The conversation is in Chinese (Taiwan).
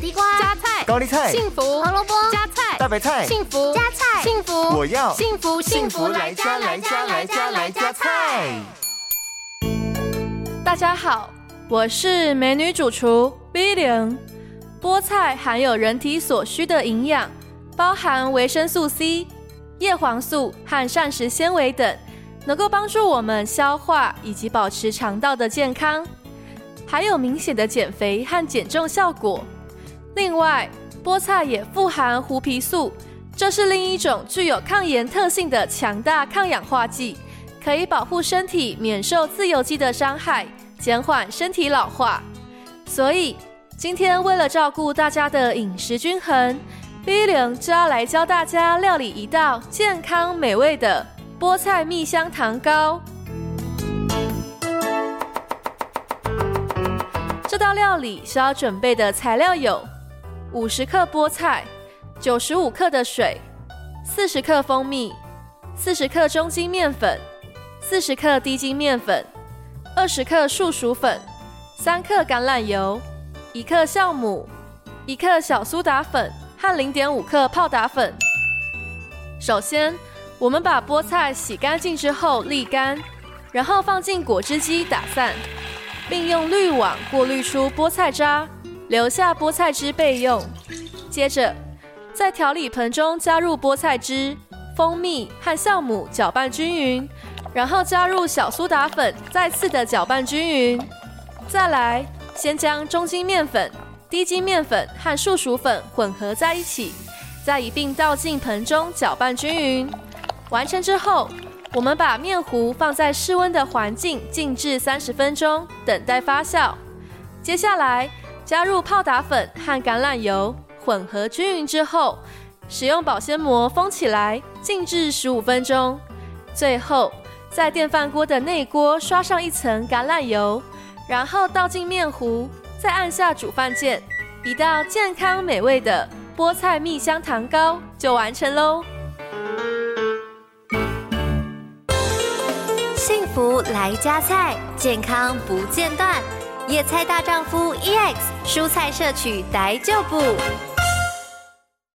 地瓜、加菜，高麗菜、幸福、胡蘿蔔、加菜、大白菜、幸福、加菜、幸福，我要幸福幸福來加來加來加來加菜。大家好，我是美女主廚 B 零。菠菜含有人體所需的營養，包含維生素 C、葉黃素和膳食纖維等，能夠幫助我們消化以及保持腸道的健康，還有明顯的減肥和減重效果。另外，菠菜也富含槲皮素，這是另一種具有抗炎特性的強大抗氧化劑，可以保護身體免受自由基的傷害，減緩身體老化。所以，今天為了照顧大家的飲食均衡，Bling 就要來教大家料理一道健康美味的菠菜蜜香糖糕。這道料理需要準備的材料有。五十克菠菜，九十五克的水，四十克蜂蜜，四十克中筋麵粉，四十克低筋麵粉，二十克樹薯粉，三克橄欖油，一克酵母，一克小蘇打粉和零點五克泡打粉。首先，我們把菠菜洗乾淨之後瀝乾，然後放進果汁機打散，並用濾網過濾出菠菜渣。留下菠菜汁備用。接着，在調理盆中加入菠菜汁、蜂蜜和酵母，攪拌均勻。然後加入小蘇打粉，再次的攪拌均勻。再來，先將中筋麵粉、低筋麵粉和樹薯粉混合在一起，再一併倒進盆中攪拌均勻。完成之後，我們把麵糊放在室溫的環境靜置30分鐘，等待發酵。接下來，加入泡打粉和橄欖油混合均勻之後，使用保鮮膜封起來，靜置十五分鐘。最後，在電飯鍋的內鍋刷上一層橄欖油，然後倒進麵糊，再按下煮飯鍵，一道健康美味的菠菜蜜香糖糕就完成嘍。幸福來加菜，健康不間斷。野菜大丈夫，EX 蔬菜攝取逮舊補。